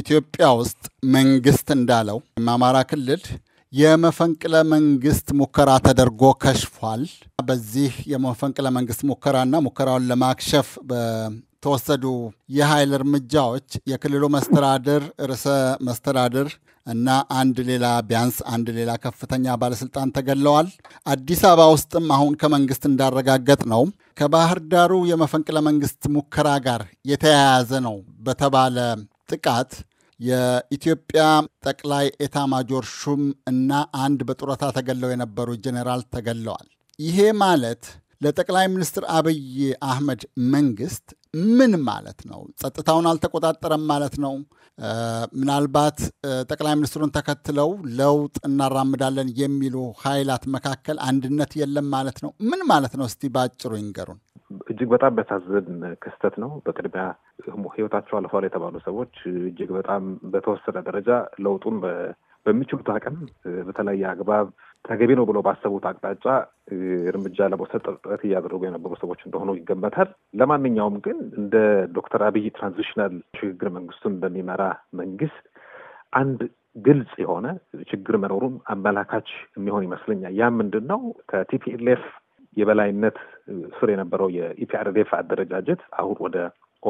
ኢትዮጵያ ውስጥ መንግስት እንዳለው አማራ ክልል የመፈንቅለ መንግስት ሙከራ ተደርጎ ከሽፏል። በዚህ የመፈንቅለ መንግስት ሙከራና ሙከራውን ለማክሸፍ በተወሰዱ የኃይል እርምጃዎች የክልሉ መስተዳድር ርዕሰ መስተዳድር እና አንድ ሌላ ቢያንስ አንድ ሌላ ከፍተኛ ባለስልጣን ተገለዋል። አዲስ አበባ ውስጥም አሁን ከመንግስት እንዳረጋገጥ ነው ከባህር ዳሩ የመፈንቅለ መንግስት ሙከራ ጋር የተያያዘ ነው በተባለ ጥቃት የኢትዮጵያ ጠቅላይ ኤታ ማጆር ሹም እና አንድ በጡረታ ተገለው የነበሩ ጄኔራል ተገለዋል። ይሄ ማለት ለጠቅላይ ሚኒስትር አብይ አህመድ መንግስት ምን ማለት ነው? ጸጥታውን አልተቆጣጠረም ማለት ነው። ምናልባት ጠቅላይ ሚኒስትሩን ተከትለው ለውጥ እናራምዳለን የሚሉ ኃይላት መካከል አንድነት የለም ማለት ነው። ምን ማለት ነው? እስቲ በአጭሩ ይንገሩን። እጅግ በጣም በታዘብ ክስተት ነው። በቅድሚያ ህይወታቸው አልፏል የተባሉ ሰዎች እጅግ በጣም በተወሰነ ደረጃ ለውጡን በሚችሉት አቅም በተለያየ አግባብ ተገቢ ነው ብለው ባሰቡት አቅጣጫ እርምጃ ለመውሰድ ጥረት እያደረጉ የነበሩ ሰዎች እንደሆኑ ይገመታል። ለማንኛውም ግን እንደ ዶክተር አብይ ትራንዚሽናል ሽግግር መንግስቱን በሚመራ መንግስት አንድ ግልጽ የሆነ ችግር መኖሩን አመላካች የሚሆን ይመስለኛል። ያ ምንድን ነው? ከቲፒኤልኤፍ የበላይነት ስር የነበረው የኢፒአርዴፍ አደረጃጀት አሁን ወደ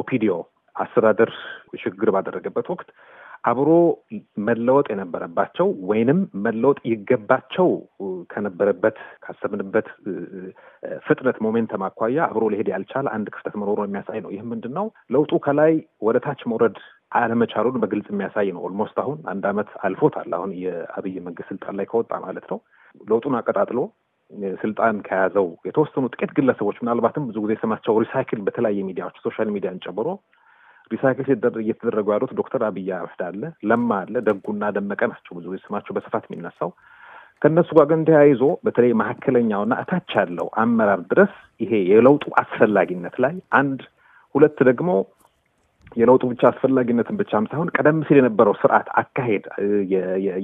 ኦፒዲዮ አስተዳደር ሽግግር ባደረገበት ወቅት አብሮ መለወጥ የነበረባቸው ወይንም መለወጥ ይገባቸው ከነበረበት ካሰብንበት ፍጥነት ሞሜንተም አኳያ አብሮ ሊሄድ ያልቻለ አንድ ክፍተት መኖሩን የሚያሳይ ነው። ይህ ምንድን ነው? ለውጡ ከላይ ወደ ታች መውረድ አለመቻሉን በግልጽ የሚያሳይ ነው። ኦልሞስት አሁን አንድ ዓመት አልፎታል። አሁን የአብይ መንግስት ስልጣን ላይ ከወጣ ማለት ነው። ለውጡን አቀጣጥሎ ስልጣን ከያዘው የተወሰኑ ጥቂት ግለሰቦች ምናልባትም ብዙ ጊዜ ስማቸው ሪሳይክል በተለያየ ሚዲያዎች ሶሻል ሚዲያን ጨምሮ ሪሳይክል እየተደረጉ ያሉት ዶክተር አብይ አህመድ አለ፣ ለማ አለ፣ ደጉና ደመቀ ናቸው። ብዙ ስማቸው በስፋት የሚነሳው ከእነሱ ጋር ግን ተያይዞ በተለይ መካከለኛውና እታች ያለው አመራር ድረስ ይሄ የለውጡ አስፈላጊነት ላይ አንድ ሁለት ደግሞ የለውጡ ብቻ አስፈላጊነትን ብቻም ሳይሆን ቀደም ሲል የነበረው ስርዓት አካሄድ፣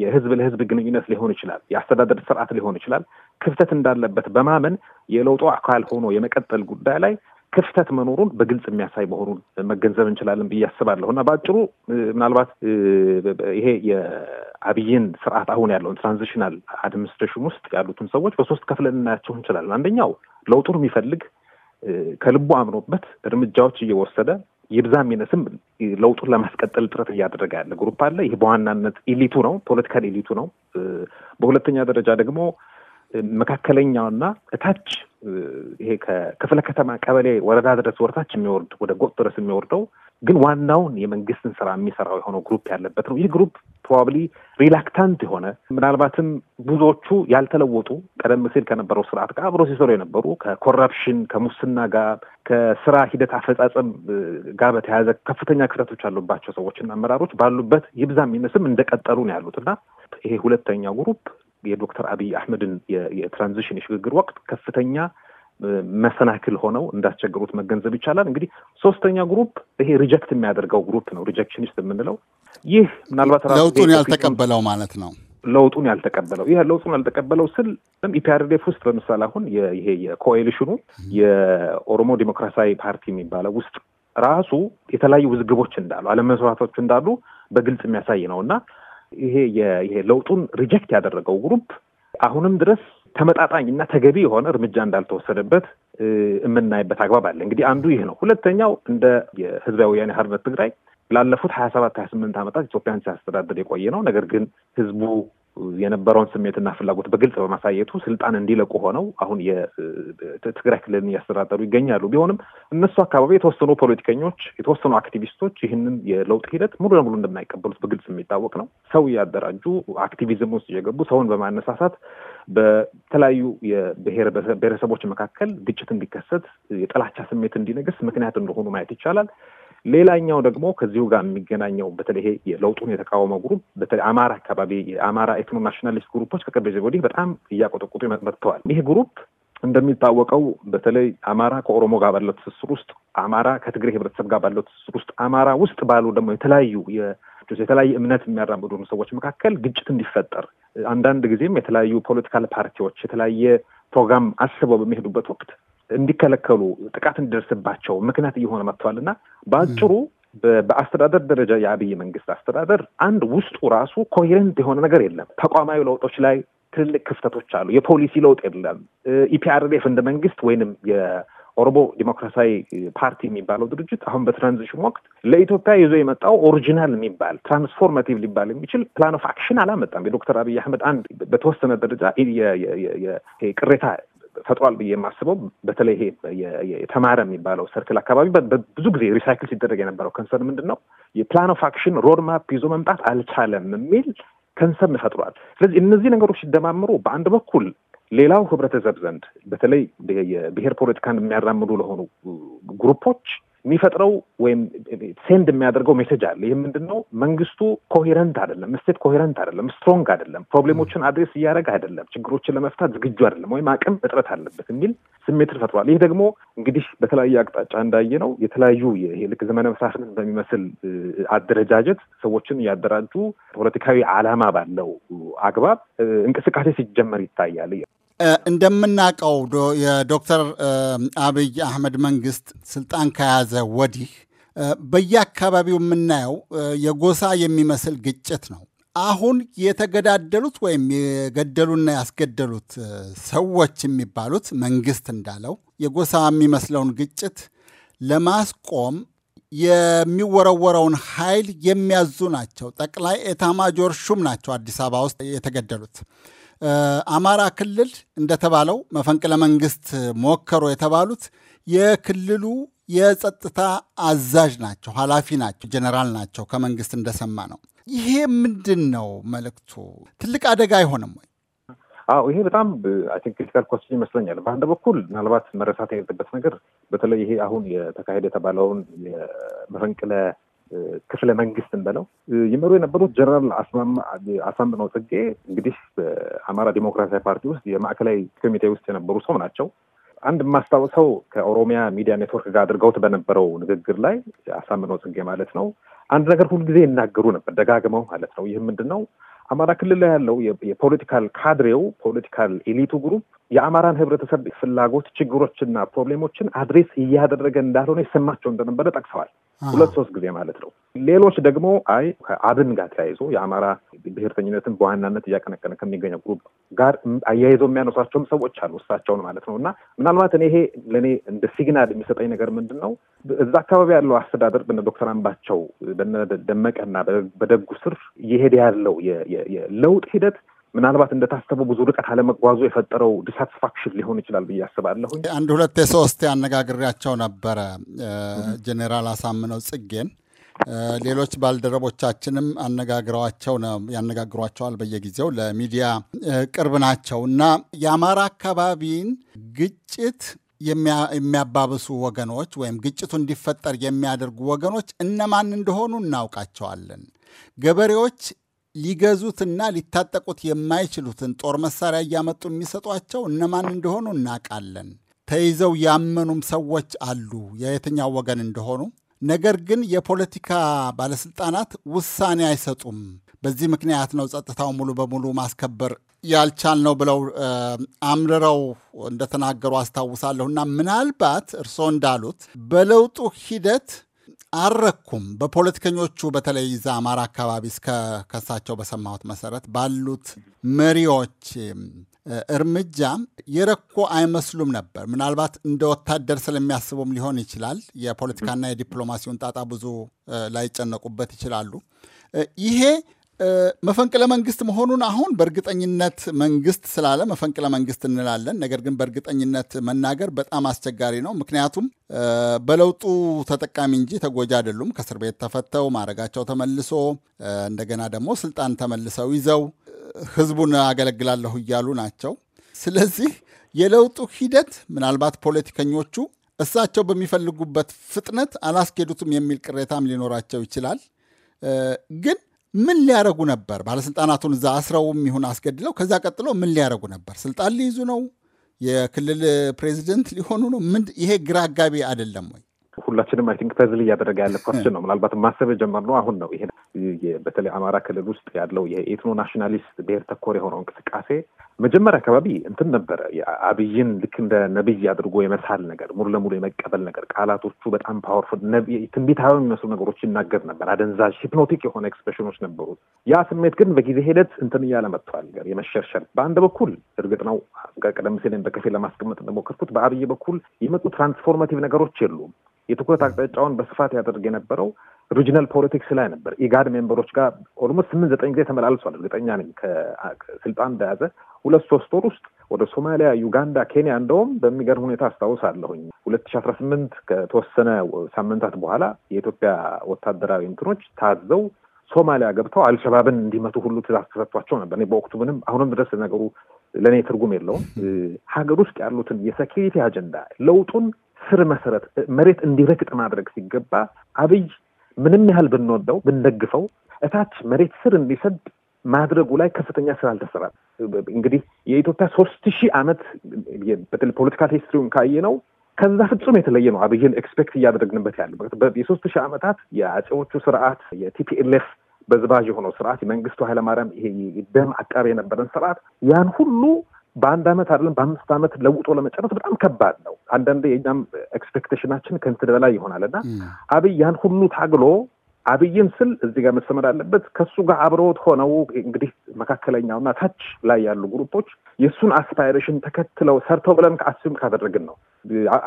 የህዝብ ለህዝብ ግንኙነት ሊሆን ይችላል፣ የአስተዳደር ስርዓት ሊሆን ይችላል፣ ክፍተት እንዳለበት በማመን የለውጡ አካል ሆኖ የመቀጠል ጉዳይ ላይ ክፍተት መኖሩን በግልጽ የሚያሳይ መሆኑን መገንዘብ እንችላለን ብዬ አስባለሁ እና በአጭሩ ምናልባት ይሄ የአብይን ስርዓት አሁን ያለውን ትራንዚሽናል አድሚኒስትሬሽን ውስጥ ያሉትን ሰዎች በሶስት ከፍለን እናያቸው እንችላለን። አንደኛው ለውጡን የሚፈልግ ከልቡ አምኖበት እርምጃዎች እየወሰደ ይብዛ የሚነስም ለውጡን ለማስቀጠል ጥረት እያደረገ ያለ ግሩፕ አለ። ይህ በዋናነት ኢሊቱ ነው፣ ፖለቲካል ኢሊቱ ነው። በሁለተኛ ደረጃ ደግሞ መካከለኛውና እታች ይሄ ከክፍለ ከተማ ቀበሌ፣ ወረዳ ድረስ ወርታች የሚወርድ ወደ ጎጥ ድረስ የሚወርደው ግን ዋናውን የመንግስትን ስራ የሚሰራው የሆነው ግሩፕ ያለበት ነው። ይህ ግሩፕ ፕሮባብሊ ሪላክታንት የሆነ ምናልባትም ብዙዎቹ ያልተለወጡ ቀደም ሲል ከነበረው ስርዓት ጋር አብሮ ሲሰሩ የነበሩ ከኮረፕሽን ከሙስና ጋር ከስራ ሂደት አፈጻጸም ጋር በተያያዘ ከፍተኛ ክፍተቶች ያሉባቸው ሰዎችና አመራሮች ባሉበት ይብዛም ይነስም እንደቀጠሉ ነው ያሉት እና ይሄ ሁለተኛው ግሩፕ የዶክተር አብይ አህመድን የትራንዚሽን የሽግግር ወቅት ከፍተኛ መሰናክል ሆነው እንዳስቸገሩት መገንዘብ ይቻላል። እንግዲህ ሶስተኛ ግሩፕ ይሄ ሪጀክት የሚያደርገው ግሩፕ ነው፣ ሪጀክሽኒስት የምንለው ይህ ምናልባት ለውጡን ያልተቀበለው ማለት ነው። ለውጡን ያልተቀበለው ይህ ለውጡን ያልተቀበለው ስል ኢፒአርዴፍ ውስጥ በምሳሌ አሁን ይሄ የኮአሊሽኑ የኦሮሞ ዴሞክራሲያዊ ፓርቲ የሚባለው ውስጥ ራሱ የተለያዩ ውዝግቦች እንዳሉ አለመስራቶች እንዳሉ በግልጽ የሚያሳይ ነው እና ይሄ ይሄ ለውጡን ሪጀክት ያደረገው ግሩፕ አሁንም ድረስ ተመጣጣኝ እና ተገቢ የሆነ እርምጃ እንዳልተወሰደበት የምናይበት አግባብ አለ። እንግዲህ አንዱ ይህ ነው። ሁለተኛው እንደ የህዝባዊ ወያኔ ሓርነት ትግራይ ላለፉት ሀያ ሰባት ሀያ ስምንት ዓመታት ኢትዮጵያን ሲያስተዳድር የቆየ ነው። ነገር ግን ህዝቡ የነበረውን ስሜትና ፍላጎት በግልጽ በማሳየቱ ስልጣን እንዲለቁ ሆነው አሁን የትግራይ ክልልን እያስተዳደሩ ይገኛሉ። ቢሆንም እነሱ አካባቢ የተወሰኑ ፖለቲከኞች፣ የተወሰኑ አክቲቪስቶች ይህንን የለውጥ ሂደት ሙሉ ለሙሉ እንደማይቀበሉት በግልጽ የሚታወቅ ነው። ሰው እያደራጁ አክቲቪዝም ውስጥ እየገቡ ሰውን በማነሳሳት በተለያዩ የብሔረሰቦች መካከል ግጭት እንዲከሰት፣ የጥላቻ ስሜት እንዲነግስ ምክንያት እንደሆኑ ማየት ይቻላል። ሌላኛው ደግሞ ከዚሁ ጋር የሚገናኘው በተለይ የለውጡን የተቃወመው ግሩፕ በተለይ አማራ አካባቢ የአማራ ኤትኖ ናሽናሊስት ግሩፖች ከቅርብ ጊዜ ወዲህ በጣም እያቆጠቁጡ መጥተዋል። ይህ ግሩፕ እንደሚታወቀው በተለይ አማራ ከኦሮሞ ጋር ባለው ትስስር ውስጥ አማራ ከትግሬ ህብረተሰብ ጋር ባለው ትስስር ውስጥ አማራ ውስጥ ባሉ ደግሞ የተለያዩ የተለያየ እምነት የሚያራምዱ ሰዎች መካከል ግጭት እንዲፈጠር አንዳንድ ጊዜም የተለያዩ ፖለቲካል ፓርቲዎች የተለያየ ፕሮግራም አስበው በሚሄዱበት ወቅት እንዲከለከሉ ጥቃት እንዲደርስባቸው ምክንያት እየሆነ መጥተዋል እና በአጭሩ በአስተዳደር ደረጃ የአብይ መንግስት አስተዳደር አንድ ውስጡ ራሱ ኮሄረንት የሆነ ነገር የለም። ተቋማዊ ለውጦች ላይ ትልልቅ ክፍተቶች አሉ። የፖሊሲ ለውጥ የለም። ኢፒአርዴፍ እንደ መንግስት ወይንም የኦሮሞ ዲሞክራሲያዊ ፓርቲ የሚባለው ድርጅት አሁን በትራንዚሽን ወቅት ለኢትዮጵያ ይዞ የመጣው ኦሪጂናል የሚባል ትራንስፎርማቲቭ ሊባል የሚችል ፕላን ኦፍ አክሽን አላመጣም። የዶክተር አብይ አህመድ አንድ በተወሰነ ደረጃ ቅሬታ ፈጥሯል ብዬ የማስበው በተለይ ይሄ የተማረ የሚባለው ሰርክል አካባቢ ብዙ ጊዜ ሪሳይክል ሲደረግ የነበረው ከንሰር ምንድን ነው የፕላን ኦፍ አክሽን ሮድማፕ ይዞ መምጣት አልቻለም የሚል ከንሰርን ፈጥሯል። ስለዚህ እነዚህ ነገሮች ሲደማምሩ በአንድ በኩል ሌላው ህብረተሰብ ዘንድ በተለይ የብሔር ፖለቲካን የሚያራምዱ ለሆኑ ግሩፖች የሚፈጥረው ወይም ሴንድ የሚያደርገው ሜሴጅ አለ። ይህ ምንድን ነው? መንግስቱ ኮሄረንት አይደለም፣ ስቴት ኮሄረንት አይደለም፣ ስትሮንግ አይደለም፣ ፕሮብሌሞችን አድሬስ እያደረገ አይደለም፣ ችግሮችን ለመፍታት ዝግጁ አይደለም፣ ወይም አቅም እጥረት አለበት የሚል ስሜትን ፈጥሯል። ይህ ደግሞ እንግዲህ በተለያየ አቅጣጫ እንዳየ ነው የተለያዩ ልክ ዘመነ መሳፍንት በሚመስል አደረጃጀት ሰዎችን እያደራጁ ፖለቲካዊ ዓላማ ባለው አግባብ እንቅስቃሴ ሲጀመር ይታያል። እንደምናውቀው የዶክተር አብይ አህመድ መንግስት ስልጣን ከያዘ ወዲህ በየአካባቢው የምናየው የጎሳ የሚመስል ግጭት ነው። አሁን የተገዳደሉት ወይም የገደሉና ያስገደሉት ሰዎች የሚባሉት መንግስት እንዳለው የጎሳ የሚመስለውን ግጭት ለማስቆም የሚወረወረውን ኃይል የሚያዙ ናቸው። ጠቅላይ ኤታማጆር ሹም ናቸው አዲስ አበባ ውስጥ የተገደሉት። አማራ ክልል እንደተባለው መፈንቅለ መንግስት ሞከሮ የተባሉት የክልሉ የጸጥታ አዛዥ ናቸው፣ ኃላፊ ናቸው፣ ጀነራል ናቸው። ከመንግስት እንደሰማ ነው። ይሄ ምንድን ነው መልእክቱ? ትልቅ አደጋ አይሆንም ወይ? አዎ ይሄ በጣም አይ ቲንክ ክሪቲካል ኮስት ይመስለኛል። በአንድ በኩል ምናልባት መረሳት የሌለበት ነገር በተለይ ይሄ አሁን የተካሄደ የተባለውን የመፈንቅለ ክፍለ መንግስት እንበለው ይመሩ የነበሩት ጀነራል አሳምነው ጽጌ እንግዲህ በአማራ ዲሞክራሲያዊ ፓርቲ ውስጥ የማዕከላዊ ኮሚቴ ውስጥ የነበሩ ሰው ናቸው። አንድ የማስታውሰው ከኦሮሚያ ሚዲያ ኔትወርክ ጋር አድርገውት በነበረው ንግግር ላይ አሳምነው ጽጌ ማለት ነው አንድ ነገር ሁልጊዜ ይናገሩ ነበር፣ ደጋግመው ማለት ነው። ይህም ምንድን ነው? አማራ ክልል ላይ ያለው የፖለቲካል ካድሬው ፖለቲካል ኤሊቱ ግሩፕ የአማራን ህብረተሰብ ፍላጎት፣ ችግሮችና ፕሮብሌሞችን አድሬስ እያደረገ እንዳልሆነ ይሰማቸው እንደነበረ ጠቅሰዋል። ሁለት ሶስት ጊዜ ማለት ነው። ሌሎች ደግሞ አይ ከአብን ጋር ተያይዞ የአማራ ብሔርተኝነትን በዋናነት እያቀነቀነ ከሚገኘው ግሩፕ ጋር አያይዘው የሚያነሷቸውም ሰዎች አሉ፣ እሳቸውን ማለት ነው። እና ምናልባት እኔ ይሄ ለእኔ እንደ ሲግናል የሚሰጠኝ ነገር ምንድን ነው፣ እዛ አካባቢ ያለው አስተዳደር በነ ዶክተር አምባቸው በነ ደመቀና በደጉ ስር እየሄደ ያለው የለውጥ ሂደት ምናልባት እንደታሰበው ብዙ ርቀት አለመጓዙ የፈጠረው ዲሳትስፋክሽን ሊሆን ይችላል ብዬ አስባለሁ። አንድ ሁለት የሶስት አነጋግሬያቸው ነበረ ጄኔራል አሳምነው ጽጌን ሌሎች ባልደረቦቻችንም አነጋግረዋቸው ነው ያነጋግሯቸዋል። በየጊዜው ለሚዲያ ቅርብ ናቸው እና የአማራ አካባቢን ግጭት የሚያባብሱ ወገኖች ወይም ግጭቱ እንዲፈጠር የሚያደርጉ ወገኖች እነማን እንደሆኑ እናውቃቸዋለን። ገበሬዎች ሊገዙትና ሊታጠቁት የማይችሉትን ጦር መሳሪያ እያመጡ የሚሰጧቸው እነማን እንደሆኑ እናውቃለን። ተይዘው ያመኑም ሰዎች አሉ የየትኛው ወገን እንደሆኑ። ነገር ግን የፖለቲካ ባለስልጣናት ውሳኔ አይሰጡም። በዚህ ምክንያት ነው ጸጥታው ሙሉ በሙሉ ማስከበር ያልቻል ነው ብለው አምርረው እንደተናገሩ አስታውሳለሁ። እና ምናልባት እርስዎ እንዳሉት በለውጡ ሂደት አረኩም በፖለቲከኞቹ በተለይ ዛ አማራ አካባቢ እስከ ከሳቸው በሰማሁት መሰረት ባሉት መሪዎች እርምጃ የረኮ አይመስሉም ነበር። ምናልባት እንደ ወታደር ስለሚያስቡም ሊሆን ይችላል። የፖለቲካና የዲፕሎማሲውን ጣጣ ብዙ ላይጨነቁበት ይችላሉ። ይሄ መፈንቅለ መንግስት መሆኑን አሁን በእርግጠኝነት መንግስት ስላለ መፈንቅለ መንግስት እንላለን። ነገር ግን በእርግጠኝነት መናገር በጣም አስቸጋሪ ነው። ምክንያቱም በለውጡ ተጠቃሚ እንጂ ተጎጂ አይደሉም። ከእስር ቤት ተፈተው ማዕረጋቸው ተመልሶ እንደገና ደግሞ ስልጣን ተመልሰው ይዘው ህዝቡን አገለግላለሁ እያሉ ናቸው። ስለዚህ የለውጡ ሂደት ምናልባት ፖለቲከኞቹ እሳቸው በሚፈልጉበት ፍጥነት አላስኬዱትም የሚል ቅሬታም ሊኖራቸው ይችላል ግን ምን ሊያረጉ ነበር? ባለስልጣናቱን እዛ አስረውም ይሁን አስገድለው ከዛ ቀጥሎ ምን ሊያረጉ ነበር? ስልጣን ሊይዙ ነው? የክልል ፕሬዚደንት ሊሆኑ ነው? ምን ይሄ ግራ አጋቢ አይደለም ወይ? ሁላችንም አይ ቲንክ ፐዝል እያደረገ ያለ ኮስችን ነው። ምናልባት ማሰብ የጀመርነው አሁን ነው። ይሄ በተለይ አማራ ክልል ውስጥ ያለው የኤትኖ ናሽናሊስት ብሔር ተኮር የሆነው እንቅስቃሴ መጀመሪያ አካባቢ እንትን ነበረ። አብይን ልክ እንደ ነብይ አድርጎ የመሳል ነገር፣ ሙሉ ለሙሉ የመቀበል ነገር፣ ቃላቶቹ በጣም ፓወርፉል ትንቢታዊ የሚመስሉ ነገሮች ይናገር ነበር። አደንዛዥ ሂፕኖቲክ የሆነ ኤክስፕሬሽኖች ነበሩት። ያ ስሜት ግን በጊዜ ሂደት እንትን እያለ መጥቷል። የመሸርሸር በአንድ በኩል እርግጥ ነው ቀደም ሲል በከፊል ለማስቀመጥ እንደሞከርኩት በአብይ በኩል የመጡ ትራንስፎርማቲቭ ነገሮች የሉም። የትኩረት አቅጣጫውን በስፋት ያደርግ የነበረው ሪጂናል ፖለቲክስ ላይ ነበር። ኢጋድ ሜምበሮች ጋር ኦልሞስት ስምንት ዘጠኝ ጊዜ ተመላልሷል። እርግጠኛ ነኝ ከስልጣን በያዘ ሁለት ሶስት ወር ውስጥ ወደ ሶማሊያ፣ ዩጋንዳ፣ ኬንያ እንደውም በሚገርም ሁኔታ አስታውሳለሁኝ ሁለት ሺ አስራ ስምንት ከተወሰነ ሳምንታት በኋላ የኢትዮጵያ ወታደራዊ እንትኖች ታዘው ሶማሊያ ገብተው አልሸባብን እንዲመቱ ሁሉ ትእዛዝ ተሰጥቷቸው ነበር። በወቅቱ ምንም አሁንም ድረስ ነገሩ ለእኔ ትርጉም የለውም። ሀገር ውስጥ ያሉትን የሴኪሪቲ አጀንዳ ለውጡን ስር መሰረት መሬት እንዲረግጥ ማድረግ ሲገባ አብይ ምንም ያህል ብንወደው ብንደግፈው እታች መሬት ስር እንዲሰድ ማድረጉ ላይ ከፍተኛ ስራ አልተሰራም። እንግዲህ የኢትዮጵያ ሶስት ሺህ ዓመት ፖለቲካል ሂስትሪውን ካየ ነው ከዛ ፍጹም የተለየ ነው። አብይን ኤክስፔክት እያደረግንበት ያለ የሶስት ሺህ ዓመታት የአፄዎቹ ስርዓት የቲፒኤልኤፍ በዝባዥ የሆነው ስርዓት የመንግስቱ ኃይለማርያም ይሄ ደም አቃቢ የነበረን ስርዓት ያን ሁሉ በአንድ አመት አይደለም በአምስት አመት ለውጦ ለመጨረስ በጣም ከባድ ነው። አንዳንድ የኛም ኤክስፔክቴሽናችን ከንትን በላይ ይሆናል እና አብይ ያን ሁሉ ታግሎ አብይን ስል እዚህ ጋር መሰመር አለበት ከሱ ጋር አብረውት ሆነው እንግዲህ መካከለኛውና ታች ላይ ያሉ ግሩፖች የእሱን አስፓይሬሽን ተከትለው ሰርተው ብለን ከአስም ካደረግን ነው።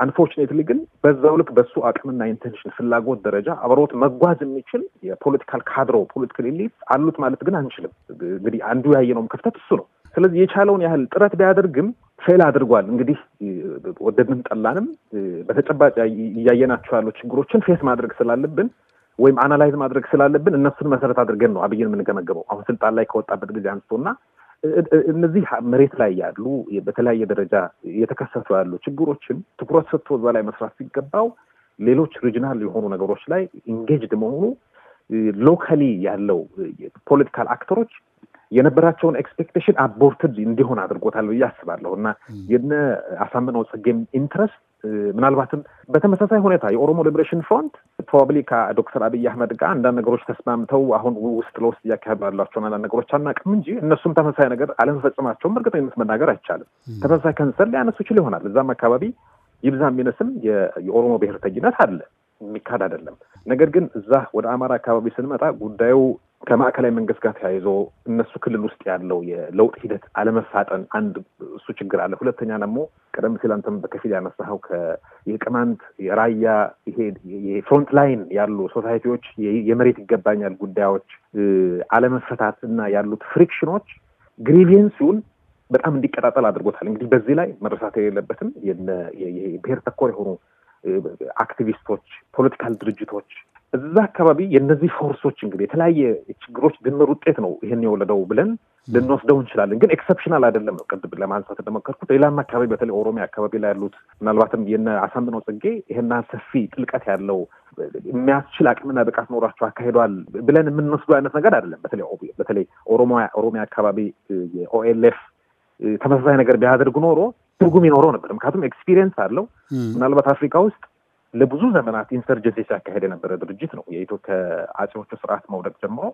አንፎርችኔትሊ ግን በዛው ልክ በሱ አቅምና ኢንቴንሽን ፍላጎት ደረጃ አብረውት መጓዝ የሚችል የፖለቲካል ካድሮ ፖለቲካል ኤሊት አሉት ማለት ግን አንችልም። እንግዲህ አንዱ ያየነውም ክፍተት እሱ ነው። ስለዚህ የቻለውን ያህል ጥረት ቢያደርግም ፌል አድርጓል። እንግዲህ ወደድንም ጠላንም በተጨባጭ እያየናቸው ያሉ ችግሮችን ፌስ ማድረግ ስላለብን ወይም አናላይዝ ማድረግ ስላለብን እነሱን መሰረት አድርገን ነው አብይን የምንገመገመው። አሁን ስልጣን ላይ ከወጣበት ጊዜ አንስቶና እነዚህ መሬት ላይ ያሉ በተለያየ ደረጃ የተከሰቱ ያሉ ችግሮችን ትኩረት ሰጥቶ እዛ ላይ መስራት ሲገባው ሌሎች ሪጅናል የሆኑ ነገሮች ላይ ኢንጌጅድ መሆኑ ሎካሊ ያለው ፖለቲካል አክተሮች የነበራቸውን ኤክስፔክቴሽን አቦርትድ እንዲሆን አድርጎታል ብዬ አስባለሁ እና የነ አሳምነው ጽጌም ኢንትረስት ምናልባትም በተመሳሳይ ሁኔታ የኦሮሞ ሊብሬሽን ፍሮንት ፕሮባብሊ ከዶክተር አብይ አህመድ ጋር አንዳንድ ነገሮች ተስማምተው አሁን ውስጥ ለውስጥ እያካሄዱ ያሏቸውን አንዳንድ ነገሮች አናውቅም እንጂ እነሱም ተመሳሳይ ነገር አለመፈጸማቸውም እርግጠኝነት መናገር አይቻልም። ተመሳሳይ ከንሰር ሊያነሱ ይችል ይሆናል። እዛም አካባቢ ይብዛ የሚነስም የኦሮሞ ብሔርተኝነት አለ የሚካድ አይደለም። ነገር ግን እዛ ወደ አማራ አካባቢ ስንመጣ ጉዳዩ ከማዕከላዊ መንግስት ጋር ተያይዞ እነሱ ክልል ውስጥ ያለው የለውጥ ሂደት አለመፋጠን አንድ እሱ ችግር አለ። ሁለተኛ ደግሞ ቀደም ሲል አንተም በከፊል ያነሳኸው የቅማንት የራያ ይሄ የፍሮንት ላይን ያሉ ሶሳይቲዎች የመሬት ይገባኛል ጉዳዮች አለመፈታት እና ያሉት ፍሪክሽኖች ግሪቪየንሱን በጣም እንዲቀጣጠል አድርጎታል። እንግዲህ በዚህ ላይ መረሳት የሌለበትም ብሔር ተኮር የሆኑ አክቲቪስቶች፣ ፖለቲካል ድርጅቶች እዛ አካባቢ የነዚህ ፎርሶች እንግዲህ የተለያየ ችግሮች ድምር ውጤት ነው ይህን የወለደው ብለን ልንወስደው እንችላለን። ግን ኤክሰፕሽናል አይደለም ነው ቅድም ለማንሳት እንደሞከርኩት ሌላም አካባቢ በተለይ ኦሮሚያ አካባቢ ላይ ያሉት ምናልባትም የነ አሳምነው ጽጌ ይህና ሰፊ ጥልቀት ያለው የሚያስችል አቅምና ብቃት ኖሯቸው አካሂዷል ብለን የምንወስዱ አይነት ነገር አይደለም። በተለይ በተለይ ኦሮሚያ አካባቢ የኦኤልኤፍ ተመሳሳይ ነገር ቢያደርጉ ኖሮ ትርጉም ይኖረው ነበር። ምክንያቱም ኤክስፒሪየንስ አለው ምናልባት አፍሪካ ውስጥ ለብዙ ዘመናት ኢንሰርጀንሲ ሲያካሄድ የነበረ ድርጅት ነው። የኢትዮ ከአጼዎቹ ስርዓት መውደቅ ጀምሮ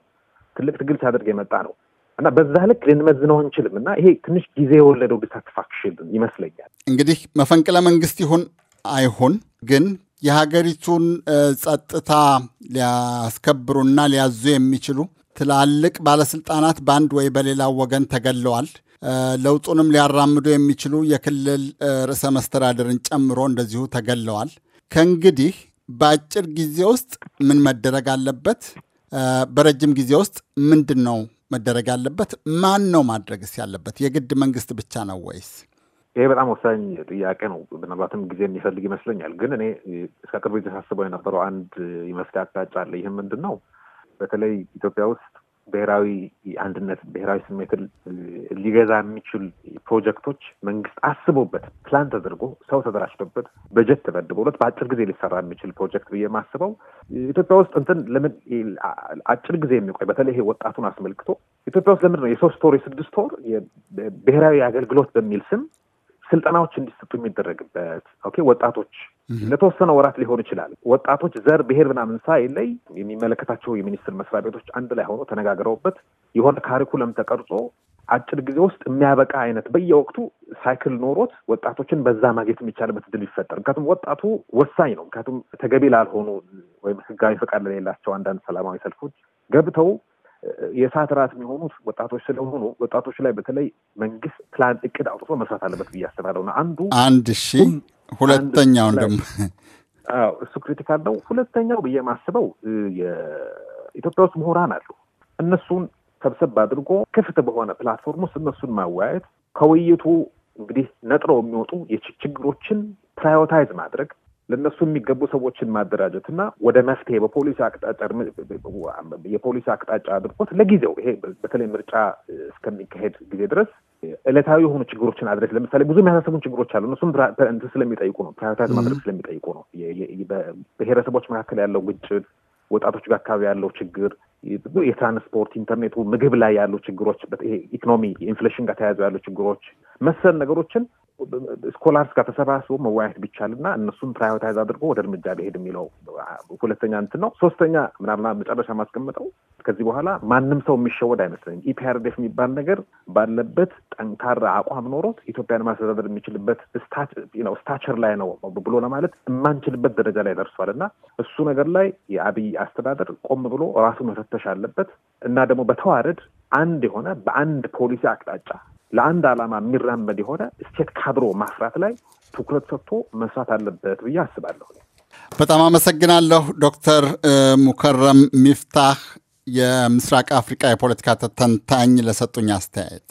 ትልቅ ትግል ሲያደርግ የመጣ ነው እና በዛ ልክ ልንመዝነው አንችልም እና ይሄ ትንሽ ጊዜ የወለደው ዲሳትስፋክሽን ይመስለኛል። እንግዲህ መፈንቅለ መንግስት ይሁን አይሁን ግን የሀገሪቱን ጸጥታ ሊያስከብሩና ሊያዙ የሚችሉ ትላልቅ ባለስልጣናት በአንድ ወይ በሌላው ወገን ተገለዋል። ለውጡንም ሊያራምዱ የሚችሉ የክልል ርዕሰ መስተዳድርን ጨምሮ እንደዚሁ ተገለዋል። ከእንግዲህ በአጭር ጊዜ ውስጥ ምን መደረግ አለበት? በረጅም ጊዜ ውስጥ ምንድን ነው መደረግ ያለበት? ማን ነው ማድረግስ ያለበት? የግድ መንግስት ብቻ ነው ወይስ? ይሄ በጣም ወሳኝ ጥያቄ ነው። ምናልባትም ጊዜ የሚፈልግ ይመስለኛል። ግን እኔ እስከ ቅርብ ጊዜ ሳስበው የነበረው አንድ ይመስል አቅጣጫ አለ። ይህም ምንድን ነው? በተለይ ኢትዮጵያ ውስጥ ብሔራዊ አንድነት፣ ብሔራዊ ስሜትን ሊገዛ የሚችል ፕሮጀክቶች መንግስት አስቦበት ፕላን ተደርጎ ሰው ተደራጅቶበት በጀት ተመድቦለት በአጭር ጊዜ ሊሰራ የሚችል ፕሮጀክት ብዬ ማስበው ኢትዮጵያ ውስጥ እንትን ለምን አጭር ጊዜ የሚቆይ በተለይ ወጣቱን አስመልክቶ ኢትዮጵያ ውስጥ ለምንድን ነው የሶስት ወር የስድስት ወር ብሔራዊ አገልግሎት በሚል ስም ስልጠናዎች እንዲሰጡ የሚደረግበት ኦኬ ወጣቶች ለተወሰነ ወራት ሊሆን ይችላል። ወጣቶች ዘር፣ ብሄር ምናምን ሳይለይ የሚመለከታቸው የሚኒስቴር መስሪያ ቤቶች አንድ ላይ ሆኖ ተነጋግረውበት የሆነ ካሪኩለም ተቀርጾ አጭር ጊዜ ውስጥ የሚያበቃ አይነት በየወቅቱ ሳይክል ኖሮት ወጣቶችን በዛ ማግኘት የሚቻልበት ድል ይፈጠር። ምክንያቱም ወጣቱ ወሳኝ ነው። ምክንያቱም ተገቢ ላልሆኑ ወይም ህጋዊ ፈቃድ ለሌላቸው አንዳንድ ሰላማዊ ሰልፎች ገብተው የእሳት ራት የሚሆኑት ወጣቶች ስለሆኑ ወጣቶች ላይ በተለይ መንግስት ፕላን እቅድ አውጥቶ መስራት አለበት ብዬ አስባለሁ። አንዱ አንድ ሺ ሁለተኛውን ደግሞ እሱ ክሪቲካል ነው። ሁለተኛው ብዬ ማስበው የኢትዮጵያ ውስጥ ምሁራን አሉ። እነሱን ሰብሰብ አድርጎ ክፍት በሆነ ፕላትፎርም ውስጥ እነሱን ማወያየት ከውይይቱ እንግዲህ ነጥረው የሚወጡ የችግሮችን ፕራዮታይዝ ማድረግ ለእነሱ የሚገቡ ሰዎችን ማደራጀት እና ወደ መፍትሄ በፖሊስ አቅጣጫ የፖሊስ አቅጣጫ አድርጎት ለጊዜው ይሄ በተለይ ምርጫ እስከሚካሄድ ጊዜ ድረስ እለታዊ የሆኑ ችግሮችን አድረስ ለምሳሌ ብዙ የሚያሳሰቡን ችግሮች አሉ። እነሱም እንትን ስለሚጠይቁ ነው ፕራዮሪታይዝ ማድረግ ስለሚጠይቁ ነው። ብሔረሰቦች መካከል ያለው ግጭት፣ ወጣቶች ጋር አካባቢ ያለው ችግር፣ የትራንስፖርት ኢንተርኔቱ፣ ምግብ ላይ ያሉ ችግሮች፣ ኢኮኖሚ ኢንፍሌሽን ጋር ተያያዙ ያሉ ችግሮች መሰል ነገሮችን ስኮላርስ ጋር ተሰባስቦ መወያየት ቢቻልና እነሱን ፕራዮሪታይዝ አድርጎ ወደ እርምጃ ቢሄድ የሚለው ሁለተኛ እንትን ነው። ሶስተኛ ምናምና መጨረሻ ማስቀምጠው ከዚህ በኋላ ማንም ሰው የሚሸወድ አይመስለኝ። ኢፒአርዴፍ e የሚባል ነገር ባለበት ጠንካራ አቋም ኖሮት ኢትዮጵያን ማስተዳደር የሚችልበት ነው ስታቸር ላይ ነው ብሎ ለማለት የማንችልበት ደረጃ ላይ ደርሷል እና እሱ ነገር ላይ የአብይ አስተዳደር ቆም ብሎ ራሱ መፈተሽ አለበት እና ደግሞ በተዋረድ አንድ የሆነ በአንድ ፖሊሲ አቅጣጫ ለአንድ ዓላማ የሚራመድ የሆነ ስቴት ካድሮ ማፍራት ላይ ትኩረት ሰጥቶ መስራት አለበት ብዬ አስባለሁ። በጣም አመሰግናለሁ ዶክተር ሙከረም ሚፍታህ የምስራቅ አፍሪቃ የፖለቲካ ተንታኝ ለሰጡኝ አስተያየት።